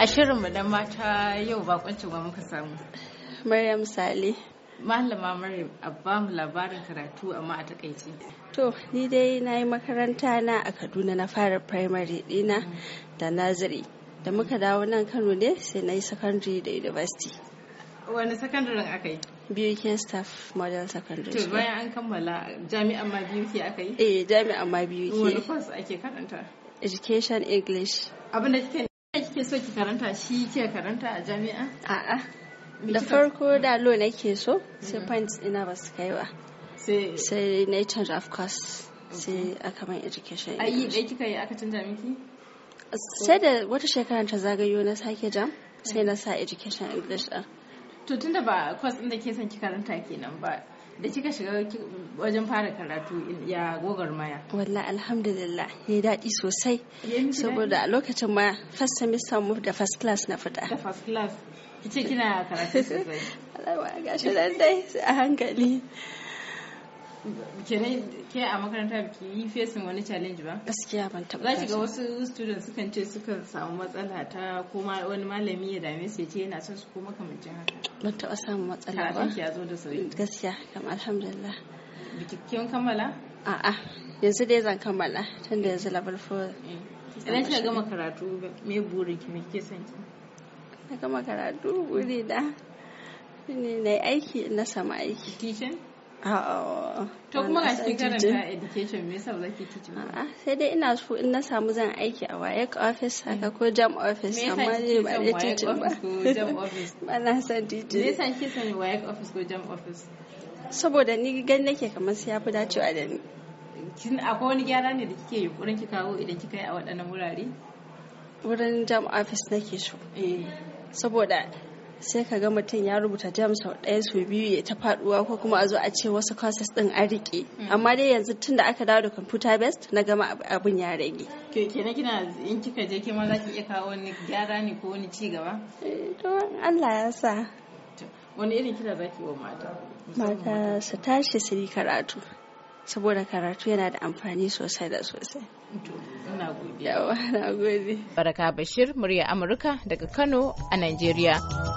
A shirinmu dan mata yau bakuncin wa muka samu. Maryam Sale. Malama Maryam a ba mu labarin karatu amma a takaice. To, ni dai na yi makaranta na a Kaduna na fara primary dina da nazari Da muka dawo nan Kano ne sai na yi secondary da university. Wani secondary aka yi? ke staff model secondary To bayan an kammala jami'an ma ke aka yi? Eh jami'an ma ke Wani course ake karanta? Education English. Abin da kike kake so ki karanta shi ke karanta a jami'a? A'a. Da farko da lo na ke so, sai mm-hmm. points ina ba su kai ba. Sai na change of course. Sai aka man education. Ayi ɗaya kika yi aka canja miki? Sai da wata shekara ta zagayo na sake jam, sai na sa education English ɗin. To da ba course ɗin da ke son ki karanta kenan ba, da kika shiga wajen fara karatu ya gogar maya wallahi alhamdulillah ya daɗi sosai saboda a lokacin ma first semester mu da first class na fita da first class kice kina karatu sosai Allah gashi nan dai a hankali ke a makaranta ki yi fesin wani challenge ba gaskiya ban taɓa za ki ga wasu students sukan ce sukan samu matsala ta ko wani malami ya dame su ce yana son su ko makamancin haka ban taɓa samu matsala ba ya zo da sauki gaskiya kam alhamdulillah bikin kammala a'a yanzu dai zan kammala tun da yanzu level 4 eh, idan ki gama karatu me burin ki me kike son ki na gama karatu wuri da ne na aiki na sama aiki teaching to kuma ga shi karanta education me yasa ba zaki teaching ba sai dai ina so in na samu zan aiki a WAEC office haka ko jam office amma ne ba da teaching ba ba na san teaching me yasa kike son WAEC office ko jam office saboda ni gani nake kamar sai ya fi dacewa da ni kin akwai wani gyara ne da kike yunkurin ki kawo idan kika yi a waɗannan wurare wurin jam office nake so eh. saboda sai ka ga mutum ya rubuta jam sau ɗaya sau biyu ya ta faɗuwa ko kuma a zo a ce wasu courses ɗin an rike hmm. amma dai yanzu tun da aka dawo da computer based na gama abin ya rage ke na kina in kika je ke ma za ki iya kawo wani gyara ne ko wani ci gaba eh, to Allah ya sa wani irin kira za ki wa mata mata su tashi su yi karatu saboda karatu yana da amfani sosai da sosai na gode baraka bashir murya amurka daga kano a nigeria